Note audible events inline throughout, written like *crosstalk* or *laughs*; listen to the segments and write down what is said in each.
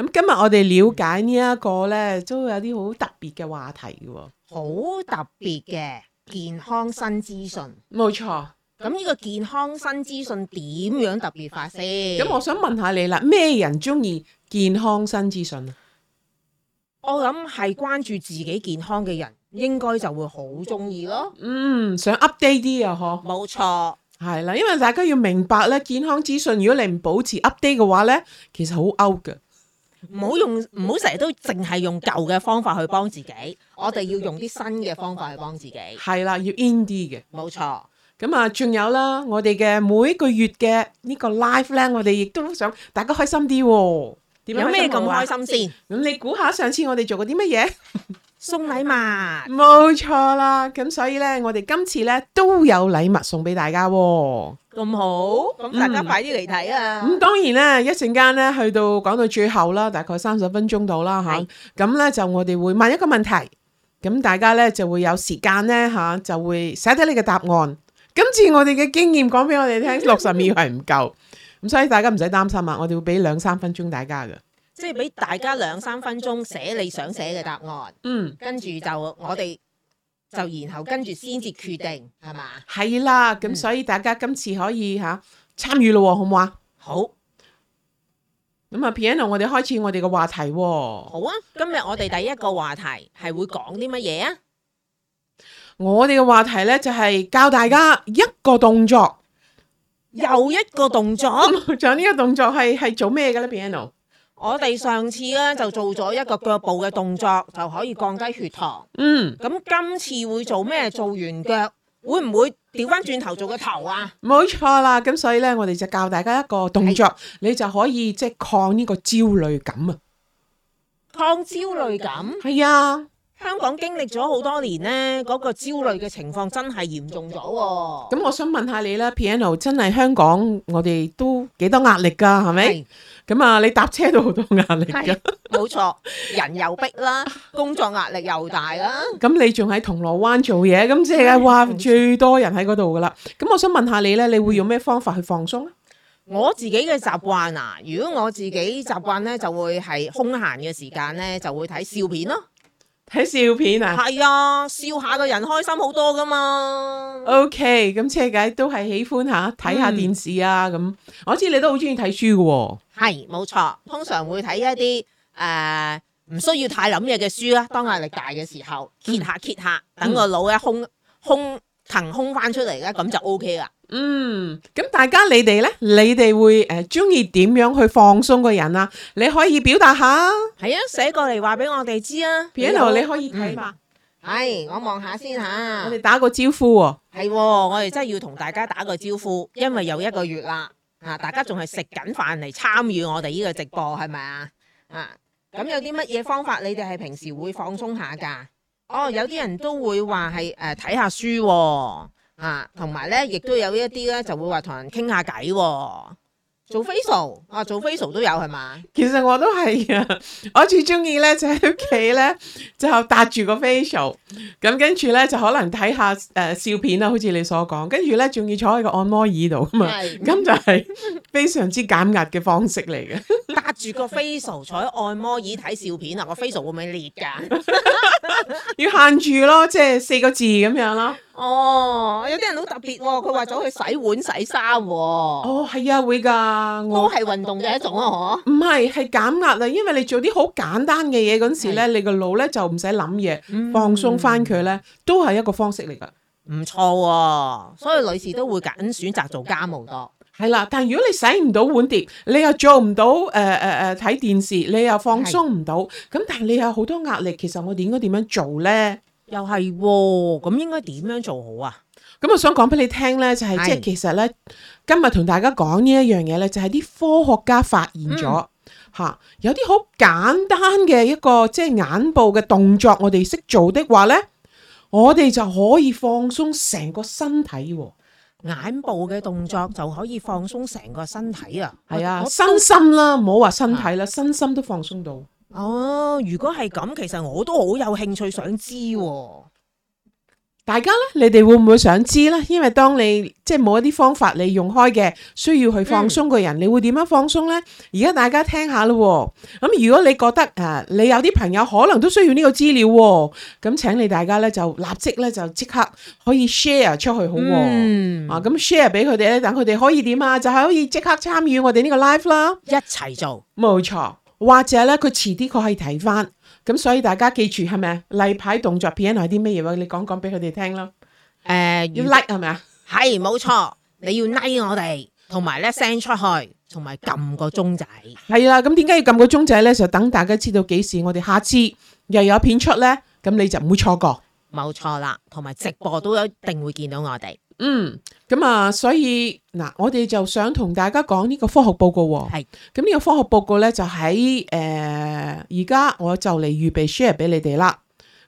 咁今日我哋了解呢一個呢，都有啲好特別嘅話題嘅，哦，好特別嘅健康新資訊。冇錯錯，咁呢個健康新資訊點樣特別法先？咁，嗯，我想問下你啦，咩人中意健康新資訊啊？我諗係關注自己健康嘅人，應該就會好中意咯。嗯，想 update 啲啊，嗬？冇錯錯，係啦，因為大家要明白呢「健康資訊如果你唔保持 update 嘅話呢，其實好 out 嘅。唔好用，唔好成日都淨係用舊嘅方法去幫自己。我哋要用啲新嘅方法去幫自己。係啦，要 in 啲嘅。冇錯錯。咁啊，仲有啦，我哋嘅每一個月嘅呢個 live 咧，我哋亦都想大家開心啲、喔。有咩咁開心先？咁你估下上次我哋做過啲乜嘢？ *laughs* 送禮物。冇錯啦。咁所以呢，我哋今次呢都有禮物送俾大家、喔。咁好，咁大家快啲嚟睇啊！咁當然啦，一陣間咧，去到講到最後啦，大概三十分鐘到啦吓。咁咧就我哋會問一個問題，咁大家咧就會有時間咧吓，就會寫低你嘅答案。今次我哋嘅經驗講俾我哋聽，六十秒係唔夠，咁所以大家唔使擔心啊！我哋會俾兩三分鐘大家嘅，即係俾大家兩三分鐘寫你想寫嘅答案。嗯，跟住就我哋。就然後跟住先至決定係嘛，係啦，咁所以大家今次可以吓參與咯，好唔好啊？好。咁啊，Piano，我哋開始我哋嘅話題。好啊，今日我哋第一個話題係會講啲乜嘢啊？我哋嘅話題咧就係教大家一個動作，又一個動作。就呢個動作係係做咩嘅咧，Piano？我哋上次咧就做咗一個腳部嘅動作，就可以降低血糖。嗯，咁今次會做咩？做完腳，會唔會調翻轉頭做個頭啊？冇錯啦，咁所以呢，我哋就教大家一個動作，是你就可以即係抗呢個焦慮感，焦慮感啊！抗焦慮感，係呀。香港經歷咗好多年呢，嗰、那個焦慮嘅情況真係嚴重咗。咁我想問下你啦 p i a n o 真係香港我哋都幾多壓力噶，係咪？咁啊是，你搭車都好多壓力噶。冇錯，人又逼啦， *laughs* 工作壓力又大啦。咁你仲喺銅鑼灣做嘢，咁即係話最多人喺嗰度噶啦。咁我想問下你呢，你會用咩方法去放鬆？我自己嘅習慣啊，如果我自己習慣呢，就會係空閒嘅時間呢，就會睇笑片咯。睇笑片啊！係啊，笑下個人開心好多噶嘛。OK，咁車介都係喜歡吓睇下電視啊咁。我知你都好中意睇書噶喎。係，冇錯，通常會睇一啲誒唔需要太諗嘢嘅書啦。當壓力大嘅時候，揭下揭下，等個腦一空空騰空翻出嚟咧，咁就 OK 啦。嗯，咁大家你哋咧，你哋會誒中意點樣去放鬆個人啊？你可以表達下，係啊，寫過嚟話俾我哋知啊。Peter、啊、你，好你可以睇嘛？係、嗯，我望下先吓。我哋打個招呼喎、啊，係、哦，我哋真係要同大家打個招呼，因為有一個月啦。啊，大家仲係食緊飯嚟參與我哋呢個直播，係咪啊？啊，咁有啲乜嘢方法，你哋係平時會放鬆下噶？哦，有啲人都會話係誒睇下書、啊。啊，同埋咧，亦都有一啲咧，就會話同人傾下偈，做 facial 啊，做 facial 都、啊、有係嘛？其實我都係啊，我最中意咧就喺屋企咧，就搭住個 facial，咁跟住咧就可能睇下誒、呃、笑片啊，好似你所講，跟住咧仲要坐喺個按摩椅度啊嘛，咁 *laughs* *laughs* 就係非常之減壓嘅方式嚟嘅。 *laughs* 搭住個 facial 坐喺按摩椅睇笑片啊，個 facial 會唔會裂噶？ *laughs* *laughs* 要限住咯，即、就、係、是、四個字咁樣咯。哦，有啲人好特別，佢話咗去洗碗洗衫。哦，係啊，會噶，我都係運動嘅一種啊，嗬。唔係，係減壓啊，因為你做啲好簡單嘅嘢嗰時咧，是你個腦咧就唔使諗嘢，嗯、放鬆翻佢咧，都係一個方式嚟噶。唔錯，哦，所以女士都會揀選擇做家務多。係啦，但如果你洗唔到碗碟，你又做唔到誒誒誒睇電視，你又放鬆唔到，咁是但你有好多壓力，其實我哋應該點樣做咧？又係喎，咁應該點樣做好啊？咁、嗯、我想講俾你聽呢，就係即係其實呢，是今日同大家講呢一樣嘢呢，就係、是、啲科學家發現咗吓、嗯嗯，有啲好簡單嘅一個即係、就是、眼部嘅動作，我哋識做的話呢，我哋就可以放鬆成個身體喎。眼部嘅動作就可以放鬆成個身體啊，係啊，身心啦，唔好話身體啦，的身心都放鬆到。哦，如果係咁，其實我都好有興趣想知、哦。大家呢，你哋會唔會想知呢？因為當你即係冇一啲方法你用開嘅，需要去放鬆個人，嗯、你會點樣放鬆呢？而家大家聽下啦。咁、嗯、如果你覺得誒、呃，你有啲朋友可能都需要呢個資料，咁請你大家呢，就立即呢，就即刻可以 share 出去好。嗯、啊，咁 share 俾佢哋咧，等佢哋可以點啊？就係可以即刻參與我哋呢個 live 啦，一齊做，冇錯。或者咧，佢遲啲佢可以睇翻，咁所以大家記住係咪？例牌動作片係啲咩嘢？你講講俾佢哋聽咯。誒、uh, like，要 like 係咪啊？係，冇錯，你要 like 我哋，同埋咧 send 出去，同埋撳個鐘仔。係啊，咁點解要撳個鐘仔咧？就等大家知道幾時，我哋下次又有片出咧，咁你就唔會錯過。冇錯啦，同埋直播都一定會見到我哋。嗯，咁、嗯、啊，所以嗱，我哋就想同大家講呢個科學報告喎。係是，咁呢個科學報告咧就喺誒、而、呃、家我預就嚟預備 share 俾你哋啦。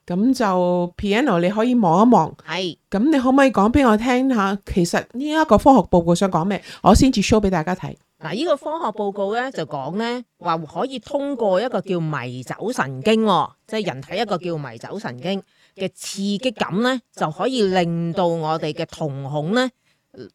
咁就 Piano，你可以望一望。係是，咁你可唔可以講俾我聽下？其實呢一個科學報告想講咩？我先至 show 俾大家睇。嗱，呢個科學報告咧就講咧，話可以通過一個叫迷走神經、哦，即係人體一個叫迷走神經。嘅刺激感咧，就可以令到我哋嘅瞳孔咧，誒、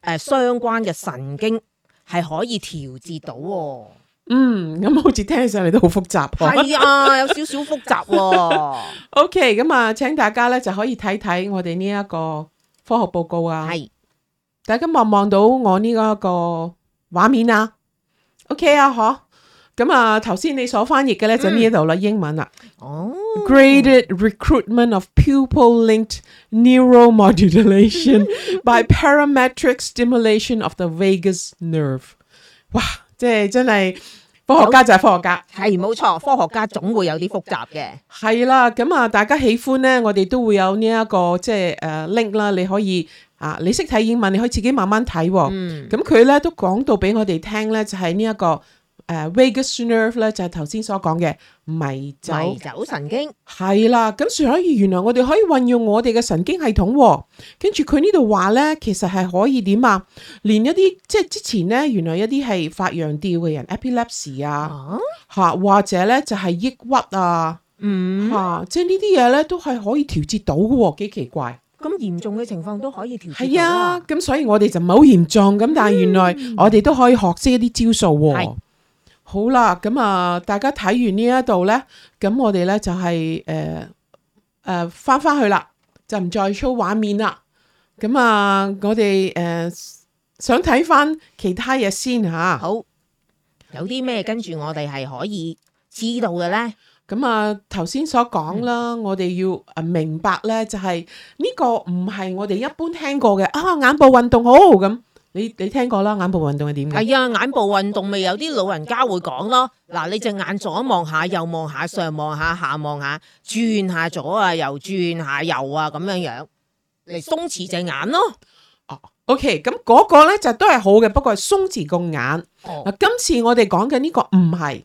呃，相關嘅神經係可以調節到、哦。嗯，咁好似聽起上嚟都好複雜、哦。係 *laughs* 啊，有少少複雜、哦。 *laughs* OK，咁啊，請大家咧就可以睇睇我哋呢一個科學報告啊。係是，大家望望到我呢一個畫面啊。OK 啊，嗬。咁啊，頭先你所翻譯嘅咧就呢度啦，英文啦。哦。Graded recruitment of pupil-linked neuromodulation by parametric stimulation of the vagus nerve。哇，即係真係科學家就係科學家。係，冇錯，科學家總會有啲複雜嘅。係啦，咁啊，大家喜歡咧，我哋都會有呢一個即係誒 link 啦，你可以啊，你識睇英文，你可以自己慢慢睇。嗯。咁佢咧都講到俾我哋聽咧，就係呢一個。誒 Vagus nerve 咧就係頭先所講嘅，迷走迷走神經。係啦，咁所以原來我哋可以運用我哋嘅神經系統，跟住佢呢度話咧，其實係可以點啊？連一啲即係之前咧，原來一啲係發羊吊嘅人，epilepsy 啊，吓或者咧就係抑鬱啊，吓、嗯，即係呢啲嘢咧都係可以調節到嘅，幾奇怪。咁嚴重嘅情況都可以調節到啊！咁所以我哋就唔係好嚴重咁，但係原來我哋都可以學識一啲招數。嗯好啦，咁、就是呃呃呃、啊，大家睇完呢一度呢，咁我哋呢就係誒誒翻翻去啦，就唔再 show 畫面啦。咁啊，我哋誒想睇翻其他嘢先吓。好，有啲咩跟住我哋係可以知道嘅呢？咁啊，頭先所講啦，嗯、我哋要誒明白呢、就是，就係呢個唔係我哋一般聽過嘅啊，眼部運動好咁。你你聽過啦，眼部運動係點嘅？係啊、哎，眼部運動咪有啲老人家會講咯。嗱，你隻眼左望下，右望下，上望下，下望下，轉下左啊，又轉下右啊，咁樣樣嚟鬆弛隻眼咯。哦，OK，咁嗰個咧就都係好嘅，不過係鬆弛個眼。哦，今次我哋講嘅呢個唔係。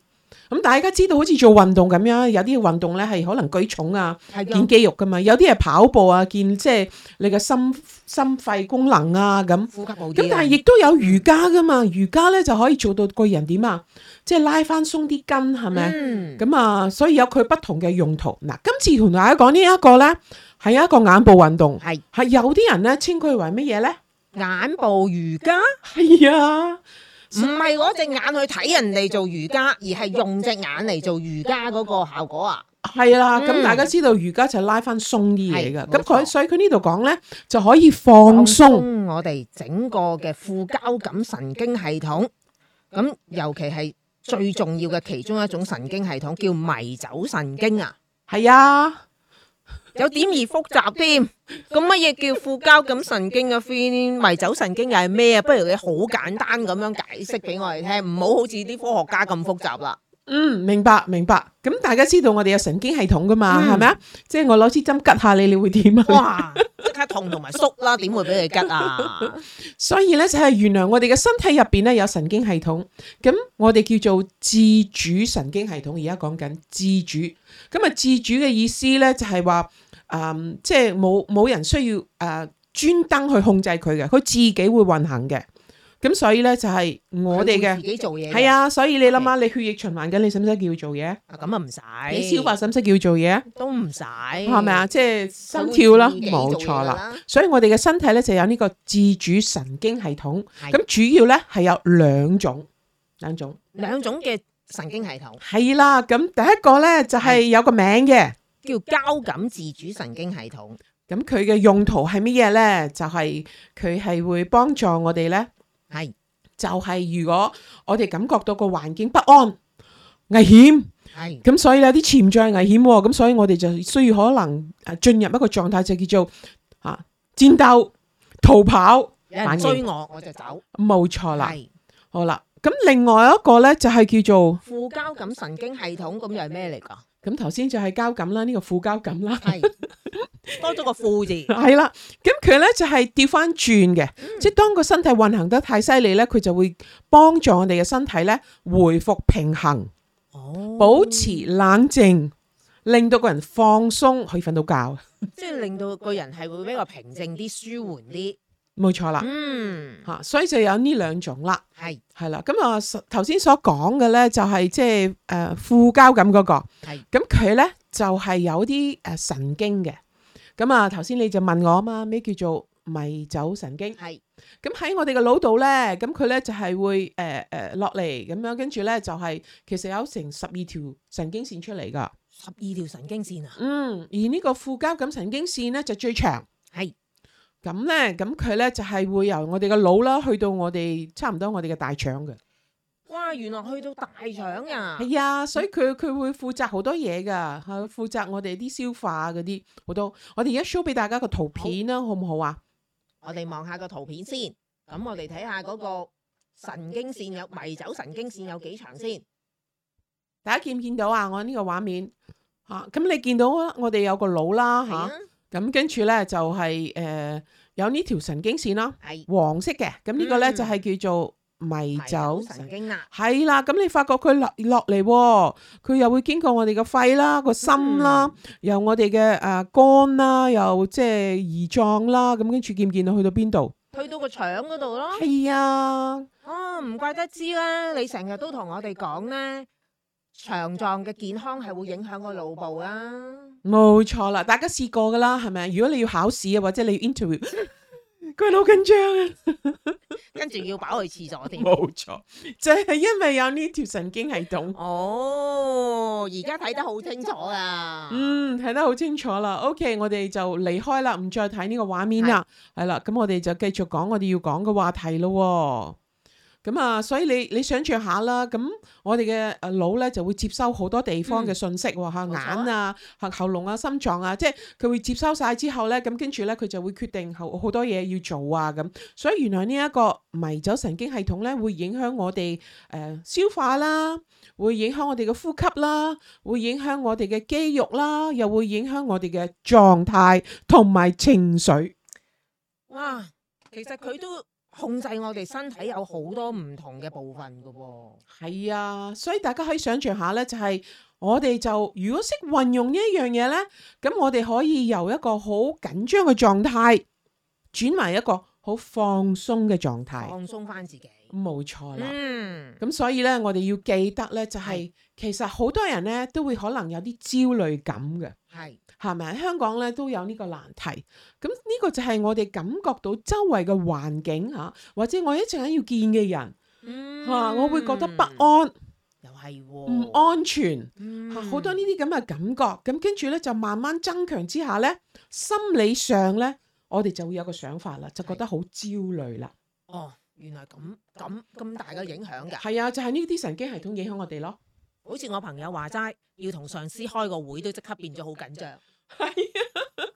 咁大家知道，好似做運動咁樣，有啲運動咧係可能舉重啊，健的肌肉噶嘛，有啲係跑步啊，健即係你嘅心心肺功能啊咁，呼吸好啲。咁、啊、但係亦都有瑜伽噶嘛，瑜伽咧就可以做到個人點啊，即係拉翻鬆啲筋，係咪？嗯。咁啊、嗯，所以有佢不同嘅用途。嗱，今次同大家講呢一個咧，係一個眼部運動，係係的有啲人咧稱佢為乜嘢咧？眼部瑜伽。係啊的。唔係嗰隻眼去睇人哋做瑜伽，而係用隻眼嚟做瑜伽嗰個效果啊！係啦，咁大家知道瑜伽就係拉翻鬆啲嘢㗎，咁佢所以佢呢度講呢，就可以放鬆我哋整個嘅副交感神經系統。咁尤其係最重要嘅其中一種神經系統叫迷走神經啊，係啊。有點而複雜添，咁乜嘢叫副交感神經嘅啡迷走神經又係咩啊？不如你好簡單咁樣解釋俾我哋聽，唔好好似啲科學家咁複雜啦。嗯，明白明白。咁大家知道我哋有神經系統噶嘛？係咪啊？即係我攞支針吉下你，你會點啊？哇！即刻痛同埋縮啦，點 *laughs* 會俾你吉啊？ *laughs* 所以咧就係原諒我哋嘅身體入邊咧有神經系統，咁我哋叫做自主神經系統。而家講緊自主，咁啊自主嘅意思咧就係話。誒，即係冇冇人需要誒專登去控制佢嘅，佢自己會運行嘅。咁所以咧就係我哋嘅自己做嘢，係啊。所以你諗下，你血液循環緊，你使唔使叫做嘢？咁啊唔使。你消化使唔使叫做嘢？都唔使。係咪啊？即係心跳啦，冇錯啦。所以我哋嘅身體咧就有呢個自主神經系統。咁主要咧係有兩種，兩種，兩種嘅神經系統。係啦，咁第一個咧就係有個名嘅。叫交感自主神經系統，咁佢嘅用途係乜嘢呢？就係佢係會幫助我哋呢，係就係如果我哋感覺到個環境不安、危險，係咁，所以有啲潛在危險，咁所以我哋就需要可能啊進入一個狀態，就叫做吓戰鬥、逃跑，有人追我我就走，冇錯啦。係好啦，咁另外一個呢就係叫做副交感神經系統，咁又係咩嚟噶？咁頭先就係交感啦，呢個副交感啦，多咗個副字。係啦，咁佢咧就係調翻轉嘅，即係當個身體運行得太犀利咧，佢就會幫助我哋嘅身體咧回復平衡，保持冷靜，令到個人放鬆，可以瞓到覺。即係令到個人係會比較平靜啲、舒緩啲。冇錯啦，嗯吓、啊，所以就有呢兩種啦，係係啦，咁啊頭先所講嘅咧就係即係誒副交感嗰個，係，咁佢咧就係有啲誒神經嘅，咁啊頭先你就問我啊嘛，咩叫做迷走神經？係，咁喺我哋嘅腦度咧，咁佢咧就係會誒誒落嚟咁樣，跟住咧就係其實有成十二條神經線出嚟噶，十二條神經線啊，嗯，而呢個副交感神經線咧就最長，係。咁咧，咁佢咧就係、是、會由我哋個腦啦，去到我哋差唔多我哋嘅大腸嘅。哇，原來去到大腸啊！係啊，所以佢佢會負責好多嘢噶，負、啊、責我哋啲消化嗰啲好多。我哋而家 show 俾大家個圖片啦，好唔好，好啊？我哋望下個圖片先，咁我哋睇下嗰個神經線有迷走神經線有幾長先。大家見唔見到啊？我呢個畫面吓，咁、啊、你見到我哋有個腦啦吓。啊咁跟住咧就係、是、誒、呃、有呢條神經線咯，黃色嘅，咁、這個、呢個咧、嗯、就係叫做迷走神經啦，係啦，咁你發覺佢落落嚟，佢又會經過我哋嘅肺啦、個心啦，由、嗯、我哋嘅誒肝啦，又即係胰臟啦，咁跟住見唔見到去到邊度？去到個腸嗰度咯，係啊，哦唔怪得知啦，你成日都同我哋講咧，腸臟嘅健康係會影響個腦部啊。冇錯啦，大家試過噶啦，係咪？如果你要考試啊，或者你要 interview，佢係好 *laughs* 緊張 *laughs* 緊啊， *laughs* 跟住要跑去廁所添。冇錯，就係、是、因為有呢條神經系統。哦，而家睇得好清楚啊！嗯，睇得好清楚啦。OK，我哋就離開啦，唔再睇呢個畫面啦。係啦的，咁我哋就繼續講我哋要講嘅話題咯、哦。咁啊，所以你你想象下啦，咁我哋嘅誒腦咧就會接收好多地方嘅信息，吓眼啊、喉喉嚨啊、心臟啊，即係佢會接收晒之後咧，咁跟住咧佢就會決定好好多嘢要做啊咁。所以原來呢一個迷走神經系統咧，會影響我哋誒消化啦，會影響我哋嘅呼吸啦，會影響我哋嘅肌肉啦，又會影響我哋嘅狀態同埋情緒。哇！其實佢都。控制我哋身體有好多唔同嘅部分噶喎。哦，係啊，所以大家可以想象下咧，就係我哋就如果識運用呢一樣嘢咧，咁我哋可以由一個好緊張嘅狀，狀態，轉為一個好放鬆嘅狀態，放鬆翻自己，冇錯啦。嗯，咁所以咧，我哋要記得咧、就是，就係是其實好多人咧都會可能有啲焦慮感嘅，係。係咪？香港咧都有呢個難題。咁、這、呢個就係我哋感覺到周圍嘅環境吓，或者我一陣間要見嘅人吓、嗯啊，我會覺得不安，又係唔安全吓，好、嗯、多呢啲咁嘅感覺。咁跟住咧就慢慢增強之下咧，心理上咧我哋就會有個想法啦，就覺得好焦慮啦。哦，原來咁咁咁大嘅影響㗎。係啊，就係呢啲神經系統影響我哋咯。好似我朋友話齋，要同上司開個會都即刻變咗好緊張。係啊，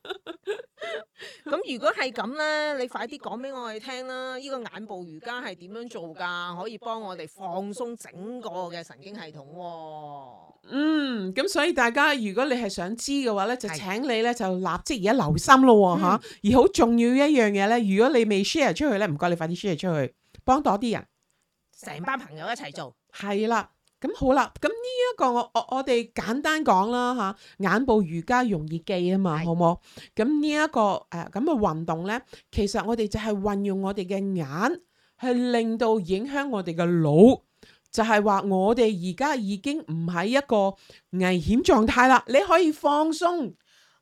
咁如果係咁咧，你快啲講俾我哋聽啦！呢個眼部瑜伽係點樣做噶？可以幫我哋放鬆整個嘅神經系統、哦。嗯，咁所以大家如果你係想知嘅話咧，就請你咧就立即而家留心咯吓。的嗯、而好重要一樣嘢咧，如果你未 share 出去咧，唔該你快啲 share 出去，幫多啲人。成班朋友一齊做。係啦。咁好啦，咁呢一個我我我哋簡單講啦吓，啊，眼部瑜伽容易記啊嘛，好冇？咁的、這個呃、呢一個誒咁嘅運動咧，其實我哋就係運用我哋嘅眼，去令到影響我哋嘅腦，就係、是、話我哋而家已經唔喺一個危險狀態啦，你可以放鬆。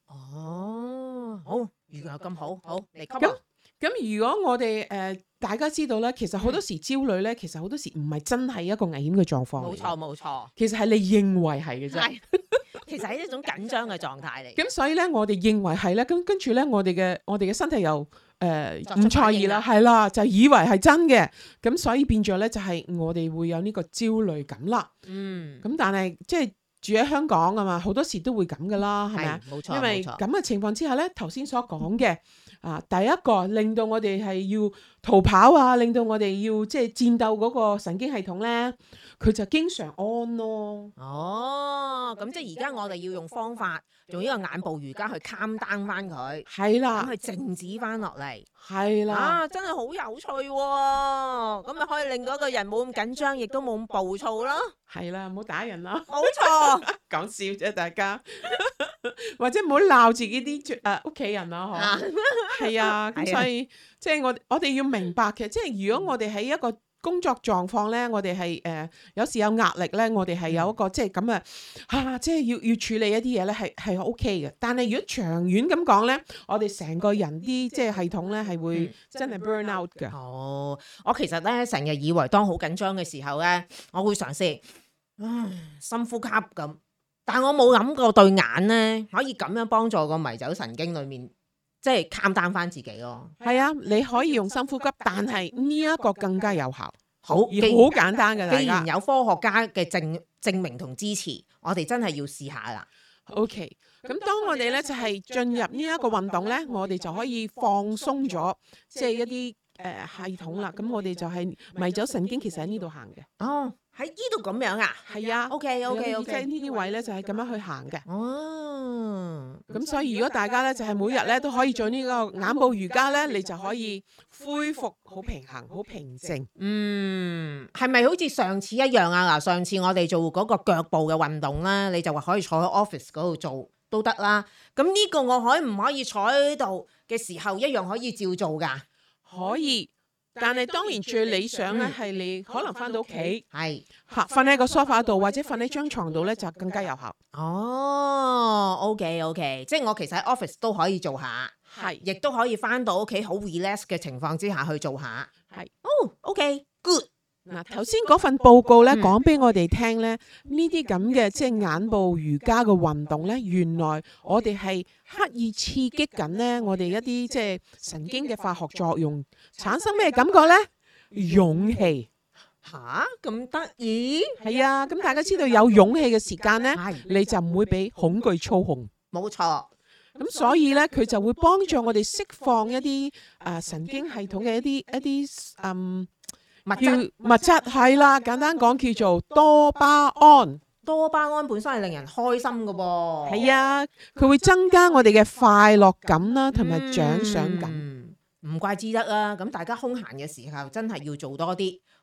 哦，好，如果有咁好，好嚟吸。咁咁如果我哋誒。呃大家知道咧，其實好多時焦慮咧，其實好多時唔係真係一個危險嘅狀況。冇錯，冇錯。其實係你認為係嘅啫。哎、呀 *laughs* 其實係一種緊張嘅狀態嚟。咁所以咧，我哋認為係咧，咁跟住咧，我哋嘅我哋嘅身體又誒唔錯意啦，係、呃、啦，就以為係真嘅。咁所以變咗咧，就係我哋會有呢個焦慮感啦。嗯。咁但係即係住喺香港啊嘛，好多時都會咁噶啦，係咪？冇錯。因為咁嘅錯錯情況之下咧，頭先所講嘅。嗯啊！第一個令到我哋係要逃跑啊，令到我哋要即係戰鬥嗰個神經系統咧，佢就經常安 n 咯。哦，咁即係而家我哋要用方法，用呢個眼部瑜伽去 cut 翻佢，係啦的，去靜止翻落嚟。係啦，啊，真係好有趣喎，哦！咁咪、嗯、可以令到一個人冇咁緊張，亦都冇咁暴躁咯。係啦，唔好打人啦，冇錯錯，講笑啫，大家， *laughs* 或者唔好鬧自己啲誒屋企人啦，嗬。係啊， *laughs* 咁所以、哎、呀即係我我哋要明白嘅，即係如果我哋喺一個。工作狀況咧，我哋係誒有時有壓力咧，我哋係有一個、嗯、即係咁啊，即係要要處理一啲嘢咧，係係 OK 嘅。但係如果長遠咁講咧，嗯、我哋成個人啲即係系統咧係會、嗯、真係 burn out 嘅。哦，我其實咧成日以為當好緊張嘅時候咧，我會嘗試、呃、深呼吸咁，但我冇諗過對眼咧可以咁樣幫助個迷走神經裏面。即係 calm down 翻自己咯。哦，係啊，你可以用心呼吸，但係呢一個更加有效，好而好簡單嘅。既然有科學家嘅證證明同支持，我哋真係要試下啦。OK，咁當我哋咧就係進入呢一個運動咧，我哋就可以放鬆咗，即係一啲誒系統啦。咁我哋就係迷走神經，其實喺呢度行嘅。哦。喺呢度咁樣啊，係啊，OK OK OK，呢啲位咧就係咁樣去行嘅。哦，咁所以如果大家咧就係每日咧都可以做呢個眼部瑜伽咧，伽呢你就可以恢復好平衡、好平，平靜。嗯，係咪好似上次一樣啊？嗱，上次我哋做嗰個腳部嘅運動咧、啊，你就話可以坐喺 office 嗰度做都得啦、啊。咁呢個我可唔可以坐喺度嘅時候一樣可以照做噶？可以。但係當然最理想咧係你可能返到屋企，係吓瞓喺個 sofa 度或者瞓喺張床度咧就更加有效。哦，OK OK，即係我其實喺 office 都可以做下，係是，亦都可以返到屋企好 relax 嘅情況之下去做下，係是。是哦，OK，good。Okay, good. 嗱，頭先嗰份報告咧，講俾我哋聽咧，呢啲咁嘅即係眼部瑜伽嘅運動咧，原來我哋係刻意刺激緊咧，我哋一啲即係神經嘅化學作用產生咩感覺咧？勇氣。吓，咁得意，係啊！咁大家知道有勇氣嘅時間咧，你就唔會俾恐懼操控。冇錯，咁所以咧，佢就會幫助我哋釋放一啲啊神經系統嘅一啲一啲嗯。物質要物質係啦，質了簡單講叫做多巴胺。多巴胺本身係令人開心噶喎，係啊，佢會增加我哋嘅快樂感啦，同埋獎賞感。唔、嗯嗯、怪之得啦、啊，咁大家空閒嘅時候真係要做多啲。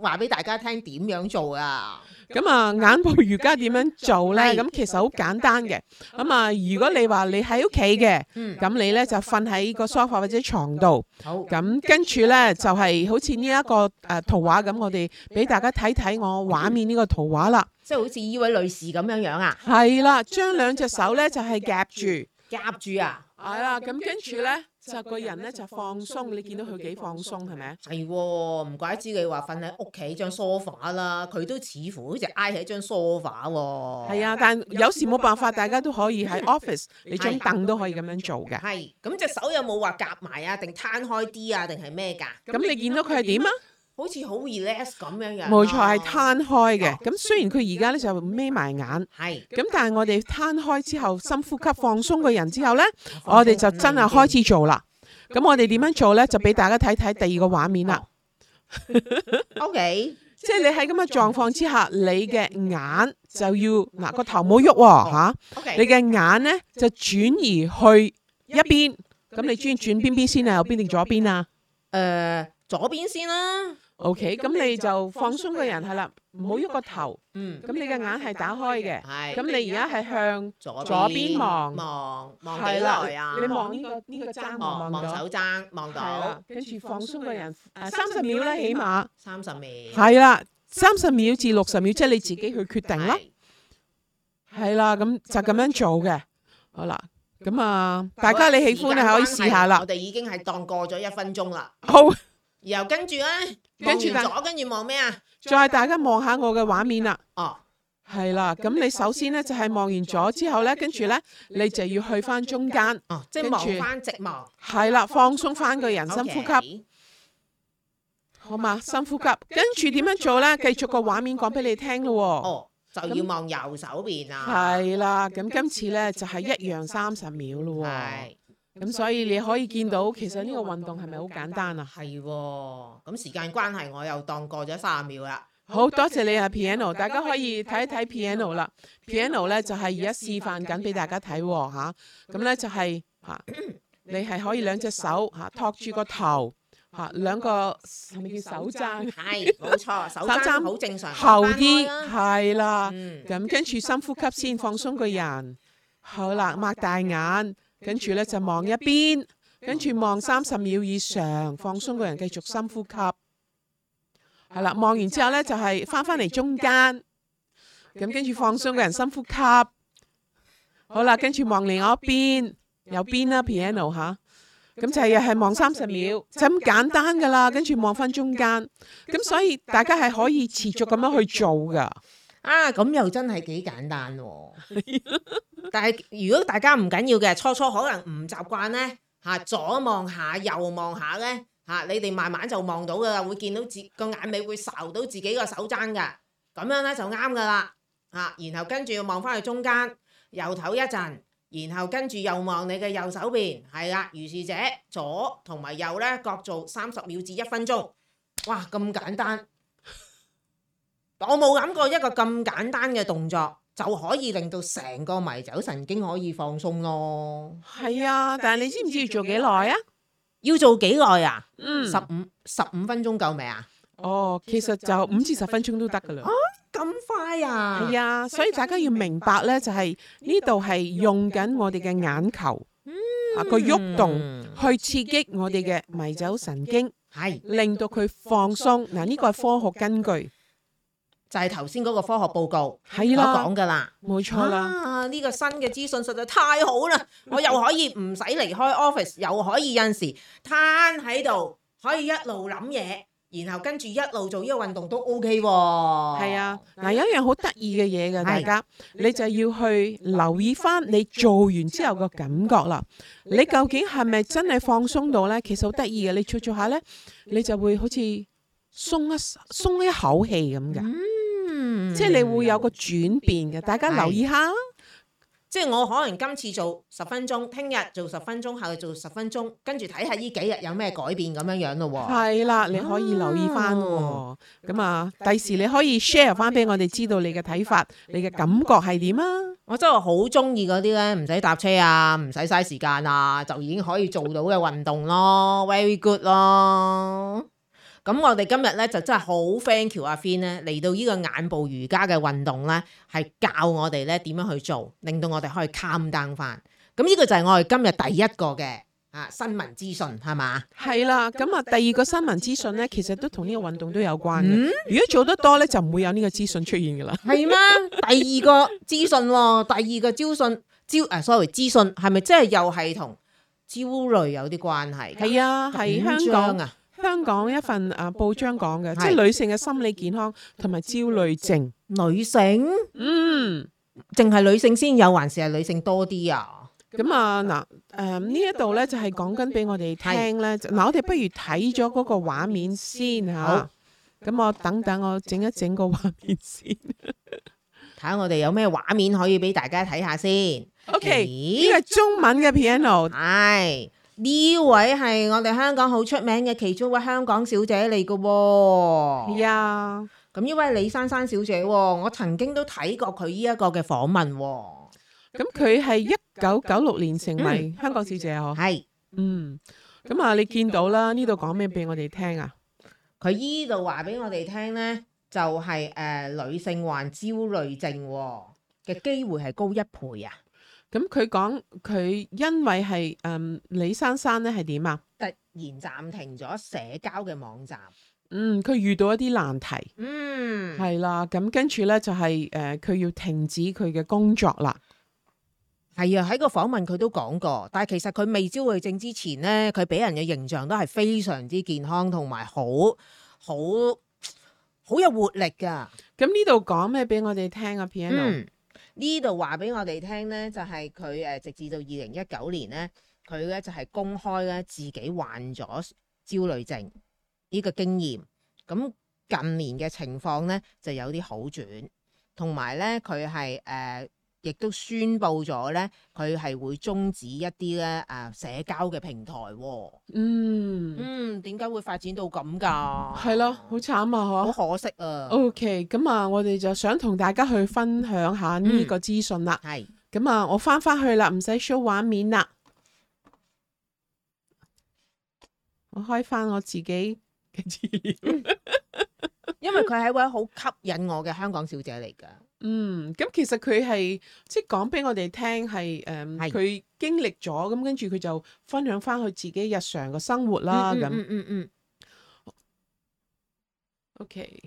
話俾大家聽點、嗯嗯、樣做啊！咁啊是，眼部瑜伽點樣做咧？咁其實好簡單嘅。咁、嗯、啊，嗯、如果你話你喺屋企嘅，咁你咧就瞓喺個梳化或者床度。嗯、好。咁跟住咧就係、是好，這個呃、好似呢一個誒圖畫咁，我哋俾大家睇睇我畫面呢個圖畫啦。即係好似呢位女士咁樣樣啊？係啦，將兩隻手咧就係夾住。夾住啊！係啦，咁跟住咧。就個人咧就放鬆，你見到佢幾放鬆係咪啊？係喎，唔怪之你話瞓喺屋企張梳化啦，佢都似乎好似挨喺張梳化喎。係啊，但有時冇辦法，大家都可以喺 office，你張凳都可以咁樣做嘅。係，咁隻手有冇話夾埋啊？定攤開啲啊？定係咩㗎？咁你見到佢係點啊？好似好 relax 咁樣樣，冇錯，係攤開嘅。咁雖然佢而家咧就眯埋眼，係咁，但係我哋攤開之後，深呼吸，放鬆個人之後咧，我哋就真係開始做啦。咁我哋點樣做咧？就俾大家睇睇第二個畫面啦。OK，即係你喺咁嘅狀況之下，你嘅眼就要嗱個頭冇喐吓，你嘅眼咧就轉移去一邊。咁你轉轉邊邊先啊？右邊定左邊啊？誒，左邊先啦。OK，咁你就放鬆個人係啦，唔好喐個頭。嗯，咁你嘅眼係打開嘅。係，咁你而家係向左左邊望望望幾耐啊？你望呢個呢個針望望手針望到，跟住放鬆個人，誒，三十秒咧起碼。三十秒。係啦，三十秒至六十秒，即係你自己去決定啦。係啦，咁就咁樣做嘅，好啦，咁啊，大家你喜歡咧可以試下啦。我哋已經係當過咗一分鐘啦。好，又跟住咧。跟住望，跟住望咩啊？再大家望下我嘅畫面啦。哦，係啦，咁你首先咧就係望完咗之後咧，跟住咧你就要去翻中間。哦，着即係望翻直望。係啦，放鬆翻個人，深呼吸。Okay 好嘛，深呼吸。跟住點樣做咧？繼續個畫面講俾你聽咯。哦，就要望右手邊啦。係啦，咁今次咧就係一樣三十秒咯。係、哎。咁所以你可以見到，其實呢個運動係咪好簡單啊？係喎，咁時間關係，我又當過咗三十秒啦。好多謝你啊，Piano，大家可以睇一睇 Piano 啦。Piano 咧就係而家示範緊俾大家睇吓，咁咧就係吓，你係可以兩隻手吓托住個頭吓，兩個係咪叫手踭？係，冇錯，手踭好正常，厚啲係啦。咁跟住深呼吸先，放鬆個人。好啦，擘大眼。跟住咧就望一邊，跟住望三十秒以上，放鬆個人繼續深呼吸。係啦，望完之後咧就係翻翻嚟中間，咁跟住放鬆個人深呼吸。好啦，跟住望另一邊，右邊啦，piano 吓，咁就又係望三十秒，就咁簡單噶啦。跟住望翻中間，咁所以大家係可以持續咁樣去做噶。啊，咁又真係幾簡單。但係如果大家唔緊要嘅，初初可能唔習慣咧，吓，左望下，右望下咧，吓、啊、你哋慢慢就望到噶啦，會見到自個眼尾會睄到自己個手踭噶，咁樣咧就啱噶啦，吓，然後跟住要望翻去中間，又唞一陣，然後跟住又望你嘅右手邊，係啦，如是者左同埋右咧，各做三十秒至一分鐘。哇，咁簡單，我冇諗過一個咁簡單嘅動作。就可以令到成個迷走神經可以放鬆咯。係啊，但係你知唔知要做幾耐啊？要做幾耐啊？嗯，十五十五分鐘夠未啊？哦，其實就五至十分鐘都得噶啦。啊，咁快啊！係啊，所以大家要明白呢，就係呢度係用緊我哋嘅眼球、嗯、啊個喐動去刺激我哋嘅迷走神經，係令到佢放鬆。嗱、嗯，呢個係科學根據。就係頭先嗰個科學報告所講噶啦，冇錯啦。呢、啊這個新嘅資訊實在太好啦！ *laughs* 我又可以唔使離開 office，又可以有陣時攤喺度，可以一路諗嘢，然後跟住一路做呢個運動都 OK 喎、哦。係啊，嗱有一樣好得意嘅嘢㗎，大家的你就要去留意翻你做完之後個感覺啦。的你究竟係咪真係放鬆到咧？其實好得意嘅，你吹吹下咧，你就會好似鬆一鬆一口氣咁㗎。嗯。嗯、即係你會有個轉變嘅，嗯、大家留意下。即係我可能今次做十分鐘，聽日做十分鐘，下日做十分鐘，跟住睇下呢幾日有咩改變咁樣樣咯。係啦、嗯，你可以留意翻。咁啊，第時你可以 share 翻俾我哋知道你嘅睇法，你嘅感覺係點啊？我真係好中意嗰啲咧，唔使搭車啊，唔使嘥時間啊，就已經可以做到嘅運動咯，Very good 咯。咁我哋今日咧就真係好 Thank you 阿 fin 咧嚟到呢個眼部瑜伽嘅運動咧，係教我哋咧點樣去做，令到我哋可以 calm down 返。咁呢個就係我哋今日第一個嘅啊新聞資訊係嘛？係啦，咁啊第二個新聞資訊咧，其實都同呢個運動都有關，嗯、如果做得多咧，就唔會有呢個資訊出現噶啦。係 *laughs* 咩？第二個資訊，第二個資訊，招誒 sorry 資訊係咪即係又係同焦慮有啲關係？係啊，係、啊啊、香港啊。香港一份啊報章講嘅，是即係女性嘅心理健康同埋焦慮症。女性，嗯，淨係女性先有，還是係女性多啲啊？咁啊，嗱、啊，誒，呢一度咧就係講緊俾我哋聽咧，嗱，我哋不如睇咗嗰個畫面先。好，咁我等等我整一整個畫面先，睇 *laughs* 下我哋有咩畫面可以俾大家睇下先。O K，呢個中文嘅 Piano，係。呢位係我哋香港好出名嘅其中一位香港小姐嚟嘅喎，係啊，咁呢位李珊珊小姐喎、哦，我曾經都睇過佢呢一個嘅訪問喎、哦。咁佢係一九九六年成為香港小姐嗬，係，嗯，咁啊、嗯，你見到啦？呢度講咩俾我哋聽啊？佢依度話俾我哋聽呢，就係、是、誒、呃、女性患焦慮症嘅機會係高一倍啊！咁佢講佢因為係誒、嗯、李珊珊咧係點啊？突然暫停咗社交嘅網站。嗯，佢遇到一啲難題。嗯，係啦。咁跟住咧就係誒佢要停止佢嘅工作啦。係啊，喺個訪問佢都講過。但係其實佢未焦慮症之前咧，佢俾人嘅形象都係非常之健康，同埋好好好有活力噶。咁呢度講咩俾我哋聽啊？Piano。呢度話俾我哋聽呢，就係佢誒直至到二零一九年呢，佢咧就係公開咧自己患咗焦慮症呢個經驗。咁近年嘅情況呢就有啲好轉，同埋呢佢係誒。呃亦都宣布咗呢佢係會終止一啲咧啊社交嘅平台。嗯、啊、嗯，點解、嗯、會發展到咁噶？係咯，好慘啊，好可惜啊。OK，咁啊，我哋就想同大家去分享下呢個資訊啦。係、嗯，咁啊，我翻翻去啦，唔使 show 畫面啦，我開翻我自己嘅資料， *laughs* 因為佢係一位好吸引我嘅香港小姐嚟噶。嗯，咁其實佢係即係講俾我哋聽係，誒，佢、呃、是經歷咗，咁跟住佢就分享翻佢自己日常嘅生活啦。咁，嗯嗯 OK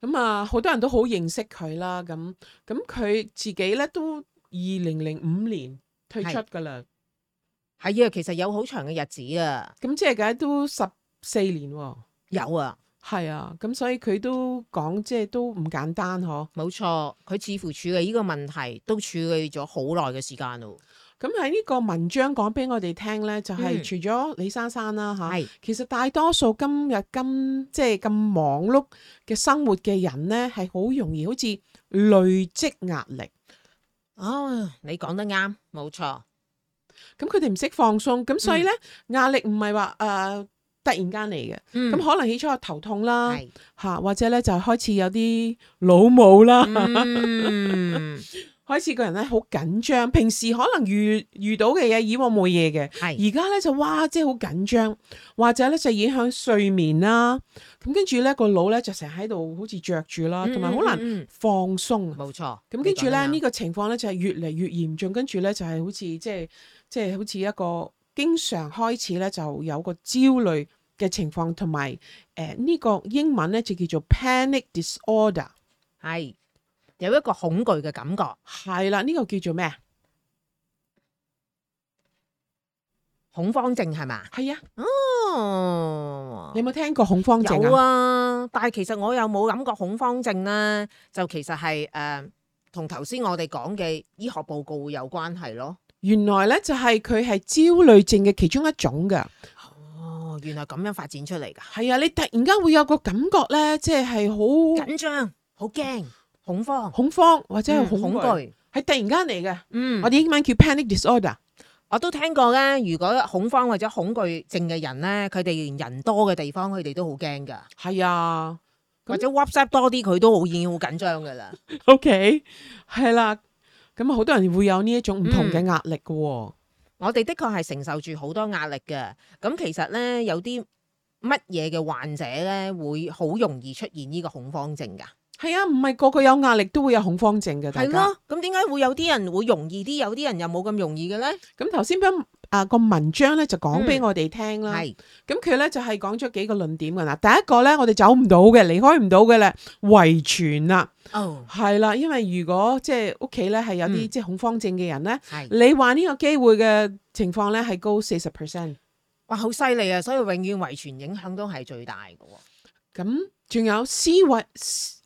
咁啊，好那 Okay. 多人都好認識佢啦。咁，咁佢自己咧都二零零五年退出噶啦，係啊，其實有好長嘅日子啊。咁即係講都十四年，啊，有啊。係啊，咁所以佢都講即係都唔簡單嗬。冇錯，佢似乎處理呢個問題都處理咗好耐嘅時間咯。咁喺呢個文章講俾我哋聽咧，嗯、就係除咗李珊珊啦吓，係其實大多數今日今即係咁忙碌嘅生活嘅人咧，係好容易好似累積壓力。啊、哦，你講得啱，冇錯。咁佢哋唔識放鬆，咁所以咧、嗯、壓力唔係話誒。呃突然間嚟嘅，咁、嗯、可能起初我頭痛啦，吓是或者咧就開始有啲腦霧啦，嗯、 *laughs* 開始個人咧好緊張，平時可能遇遇到嘅嘢以往冇嘢嘅，係而家咧就哇即係好緊張，或者咧就影響睡眠啦，咁跟住咧個腦咧就成日喺度好似着住啦，同埋好難放鬆，冇錯、嗯。咁跟住咧呢個情況咧就係越嚟越嚴重，跟住咧就係好似即係即係好似、就是、一個。經常開始咧就有個焦慮嘅情況，同埋誒呢個英文咧就叫做 panic disorder，係有一個恐懼嘅感覺，係啦，呢個叫做咩？恐慌症係嘛？係啊，哦，你有冇聽過恐慌症啊？有啊，但係其實我又冇諗過恐慌症咧，就其實係誒同頭先我哋講嘅醫學報告有關係咯。原來咧就係佢係焦慮症嘅其中一種噶。哦，原來咁樣發展出嚟噶。係啊，你突然間會有個感覺咧，即係好緊張、好驚、恐慌、恐慌或者係恐、嗯、恐懼，係突然間嚟嘅。嗯，我哋英文叫 panic disorder。我都聽過咧，如果恐慌或者恐懼症嘅人咧，佢哋連人多嘅地方，佢哋都好驚噶。係啊，嗯、或者 WhatsApp 多啲，佢都已經好緊張噶啦。 *laughs* *laughs* OK，係啦。咁啊，好多人會有呢一種唔同嘅壓力嘅、哦、喎、嗯。我哋的確係承受住好多壓力嘅。咁其實咧，有啲乜嘢嘅患者咧，會好容易出現呢個恐慌症嘅。係啊，唔係個個有壓力都會有恐慌症嘅。係咯、啊，咁點解會有啲人會容易啲，有啲人又冇咁容易嘅咧？咁頭先不。啊個文章咧就講俾我哋聽啦，咁佢咧就係講咗幾個論點噶啦。嗱，第一個咧我哋走唔到嘅，離開唔到嘅咧，遺傳啦，哦，係啦，因為如果即係屋企咧係有啲即係恐慌症嘅人咧，你話呢個機會嘅情況咧係高四十 percent，哇，好犀利啊！所以永遠遺傳影響都係最大嘅。咁仲有思維，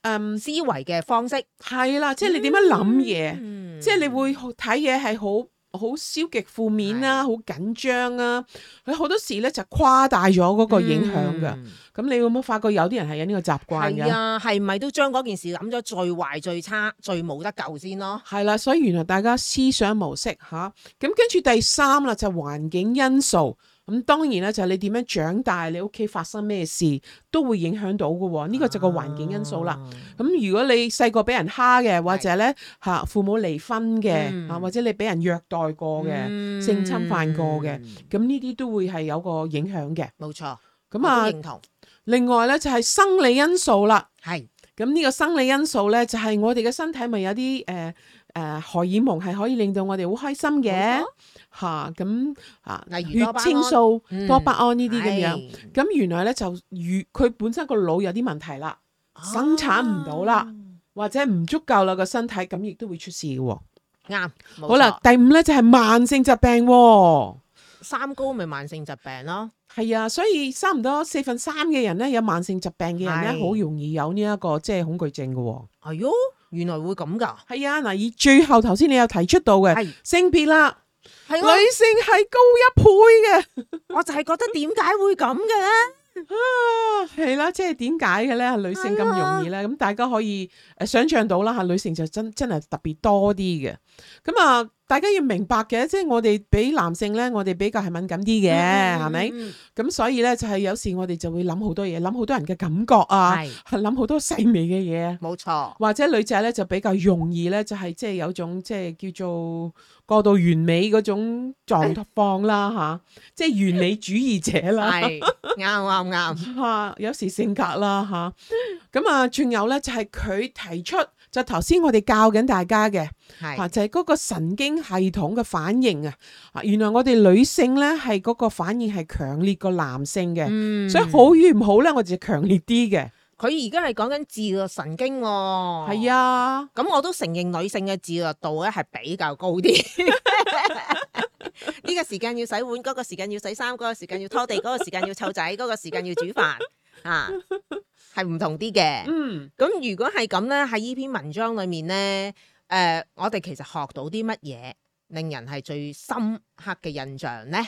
嗯，思維嘅方式係啦，即係你點樣諗嘢，即係你會睇嘢係好。好消極負面啊，好緊張啊！佢好多時咧就誇大咗嗰個影響嘅。咁、嗯、你會唔會發覺有啲人係有呢個習慣嘅？係啊，係咪都將嗰件事諗咗最壞、最差、最冇得救先咯？係啦、啊，所以原來大家思想模式吓，咁跟住第三啦就環境因素。咁當然咧，就係、是、你點樣長大，你屋企發生咩事都會影響到嘅喎、哦。呢、這個就個環境因素啦。咁、啊、如果你細個俾人蝦嘅，或者咧嚇是父母離婚嘅嚇，嗯、或者你俾人虐待過嘅、嗯、性侵犯過嘅，咁呢啲都會係有個影響嘅。冇錯錯。咁啊樣，認同。另外咧就係生理因素啦。係是。咁呢個生理因素咧就係我哋嘅身體咪有啲誒。呃呃呃誒，荷爾蒙係可以令到我哋好開心嘅，吓咁吓，例如血清素、多巴胺呢啲咁樣。咁原來咧就如佢本身個腦有啲問題啦，生產唔到啦，或者唔足夠啦個身體，咁亦都會出事嘅。啱，好啦，第五咧就係慢性疾病。三高咪慢性疾病咯。係啊，所以差唔多四分三嘅人咧，有慢性疾病嘅人咧，好容易有呢一個即係恐懼症嘅。係喲。原來會咁噶？係啊，嗱，以最後頭先你有提出到嘅係性別啦，女性係高一倍嘅。我就係覺得點解會咁嘅咧？啊，係啦，即係點解嘅咧？女性咁容易咧？咁大家可以想象到啦，吓，女性就真真係特別多啲嘅。咁啊。大家要明白嘅，即係我哋比男性咧，我哋比較係敏感啲嘅，係咪、嗯？咁所以咧，就係、是、有時我哋就會諗好多嘢，諗好多人嘅感覺啊，係諗好多細微嘅嘢。冇錯錯，或者女仔咧就比較容易咧，就係、是、即係有種即係叫做過度完美嗰種狀況啦，吓， *laughs* 即係完美主義者啦，啱啱啱吓， *laughs* *laughs* 有時性格啦吓，咁 *laughs* 啊，仲有咧就係佢提出。就頭先我哋教緊大家嘅是、啊，就係、是、嗰個神經系統嘅反應啊！原來我哋女性咧係嗰個反應係強烈過男性嘅，嗯、所以好與唔好咧，我就強烈啲嘅。佢而家係講緊自律神經喎、哦。係啊呀，咁我都承認女性嘅自律度咧係比較高啲。呢 *laughs* *laughs* *laughs* 個時間要洗碗，嗰、這個時間要洗衫，嗰、這個時間要拖地，嗰、這個時間要湊仔，嗰、這個時間要煮飯啊！係唔同啲嘅，咁、嗯、如果係咁咧，喺呢篇文章裏面咧，誒、呃，我哋其實學到啲乜嘢，令人係最深刻嘅印象咧？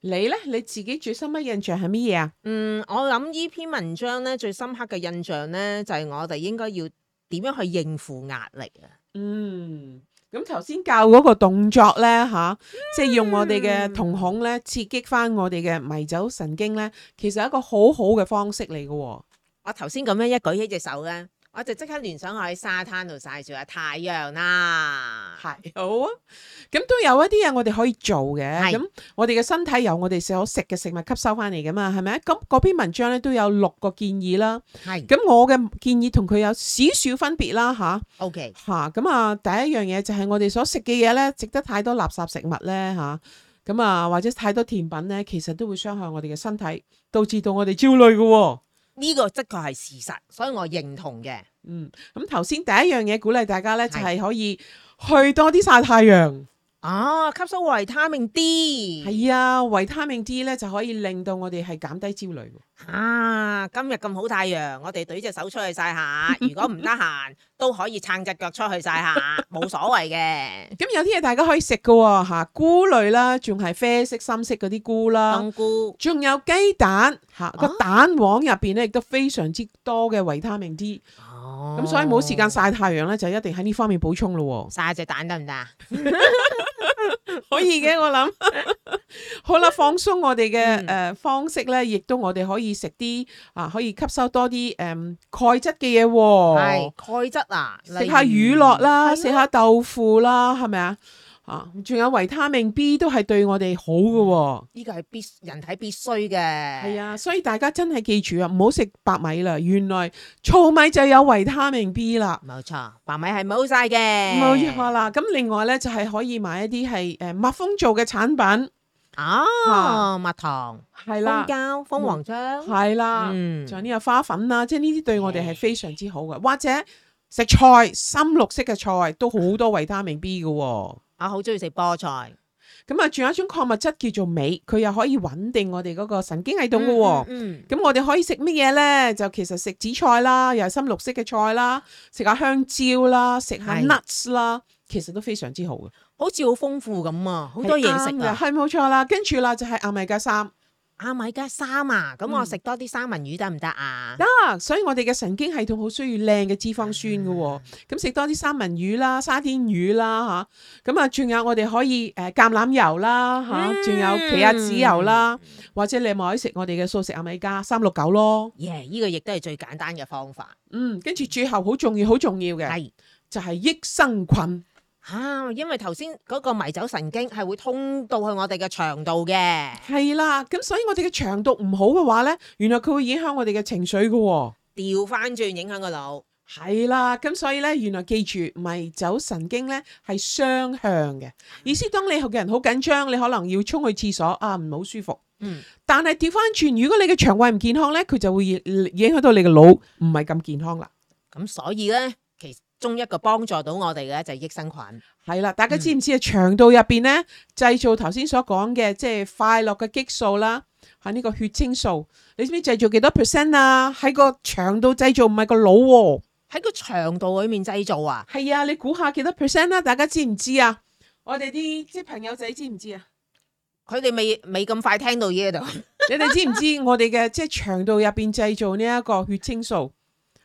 你咧你自己最深刻印象係乜嘢啊？嗯，我諗呢篇文章咧最深刻嘅印象咧，就係我哋應該要點樣去應付壓力啊。嗯，咁頭先教嗰個動作咧，吓，嗯、即係用我哋嘅瞳孔咧刺激翻我哋嘅迷走神經咧，其實係一個好好嘅方式嚟嘅。我頭先咁樣一舉起隻手咧，我就即刻聯想我喺沙灘度曬住個太陽啦。係好啊，咁都有一啲嘢我哋可以做嘅。咁我哋嘅身體由我哋所食嘅食物吸收翻嚟噶嘛，係咪？咁嗰篇文章咧都有六個建議啦。係咁，我嘅建議同佢有少少分別啦。吓，OK 吓。咁啊，第一樣嘢就係我哋所食嘅嘢咧，食得太多垃圾食物咧，吓咁啊，或者太多甜品咧，其實都會傷害我哋嘅身體，導致到我哋焦慮嘅。呢個的確係事實，所以我認同嘅。嗯，咁頭先第一樣嘢，鼓勵大家咧，是就係可以去多啲晒太陽。哦、啊，吸收維他命 D，係啊，維他命 D 咧就可以令到我哋係減低焦慮。啊，今日咁好太陽，我哋對隻手出去晒下。如果唔得閒， *laughs* 都可以撐隻腳出去晒下，冇所謂嘅。咁 *laughs* 有啲嘢大家可以食㗎喎，菇類啦，仲係啡色、深色嗰啲菇啦，菇，仲菇有雞蛋，嚇、啊、個、啊、蛋黃入邊咧亦都非常之多嘅維他命 D。哦，咁所以冇時間晒太陽咧，就一定喺呢方面補充咯。晒隻蛋得唔得啊？ *laughs* *laughs* 可以嘅，我諗。 *laughs* 好啦，放鬆我哋嘅誒方式咧，嗯、亦都我哋可以食啲啊，可以吸收多啲誒鈣質嘅嘢。係鈣質啊，食下乳酪啦，食如下豆腐啦，係咪啊？是仲、啊、有維他命 B 都係對我哋好嘅、啊，呢個係必人體必須嘅。係啊，所以大家真係記住啊，唔好食白米啦。原來糙米就有維他命 B 啦。冇錯，白米係冇晒嘅。冇錯啦。咁另外咧就係、是、可以買一啲係誒蜜蜂做嘅產品。啊，啊蜜糖蜂係啦，蜂膠、蜂王漿係啦，仲有呢個花粉啦，即係呢啲對我哋係非常之好嘅。Yeah. 或者食菜，深綠色嘅菜都好多維他命 B 嘅、啊。啊，好中意食菠菜，咁啊，仲有一種礦物質叫做鎂，佢又可以穩定我哋嗰個神經系統㗎喎。嗯，咁、嗯、我哋可以食乜嘢咧？就其實食紫菜啦，又係深綠色嘅菜啦，食下香蕉啦，食下 nuts 啦，的其實都非常之好嘅，好似好豐富咁啊，好多嘢食嘅，係冇錯啦。跟住啦，就係阿米加三。阿米加三啊，咁我食多啲三文魚得唔得啊？得，所以我哋嘅神經系統好需要靚嘅脂肪酸㗎，咁食多啲三文魚啦，沙甸魚啦吓，咁啊，仲有我哋可以誒橄欖油啦吓，仲有奇亞籽油啦，或者你咪可以食我哋嘅素食阿米加三六九咯。耶，呢個亦都係最簡單嘅方法。嗯，跟住最後好重要，好重要嘅係就係益生菌。啊，因為頭先嗰個迷走神經係會通到去我哋嘅腸道嘅，係啦，咁所以我哋嘅腸道唔好嘅話呢，原來佢會影響我哋嘅情緒嘅喎，調翻轉影響個腦，係啦，咁所以呢，原來記住迷走神經呢係雙向嘅，意思當你後嘅人好緊張，你可能要衝去廁所啊，唔好舒服，嗯，但係調翻轉，如果你嘅腸胃唔健康呢，佢就會影響到你嘅腦唔係咁健康啦，咁所以呢。中一個幫助到我哋嘅就係益生菌，係啦。大家知唔知啊？腸道入邊咧製造頭先所講嘅即係快樂嘅激素啦，喺、這、呢個血清素，你知唔知製造幾多 percent 啊？喺個腸道製造，唔係個腦喎、哦，喺個腸道裏面製造啊？係啊，你估下幾多 percent 啦？大家知唔知啊？我哋啲即係朋友仔知唔知啊？佢哋未未咁快聽到嘢度， *laughs* 你哋知唔知我哋嘅即係腸道入邊製造呢一個血清素？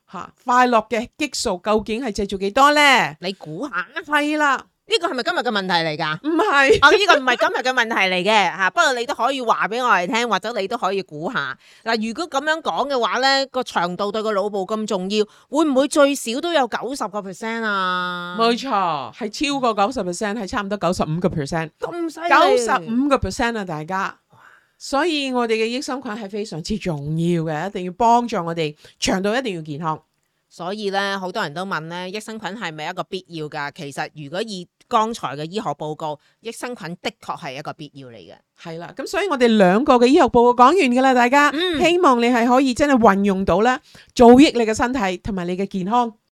吓，快樂嘅激素究竟係製造幾多咧？你估下？係啦的，呢個係咪今日嘅問題嚟噶？唔係是，啊呢、哦呢個唔係今日嘅問題嚟嘅吓。 *laughs* 不過你都可以話俾我哋聽，或者你都可以估下嗱。如果咁樣講嘅話咧，個長度對個腦部咁重要，會唔會最少都有九十個 percent 啊？冇錯，係超過九十 percent，係差唔多九十五個 percent。咁犀九十五個 percent 啊，大家。所以我哋嘅益生菌係非常之重要嘅，一定要幫助我哋腸道一定要健康。所以咧，好多人都問咧，益生菌係咪一個必要噶？其實如果以剛才嘅醫學報告，益生菌的確係一個必要嚟嘅。係啦，咁所以我哋兩個嘅醫學報告講完噶啦，大家希望你係可以真係運用到咧，造益你嘅身體同埋你嘅健康。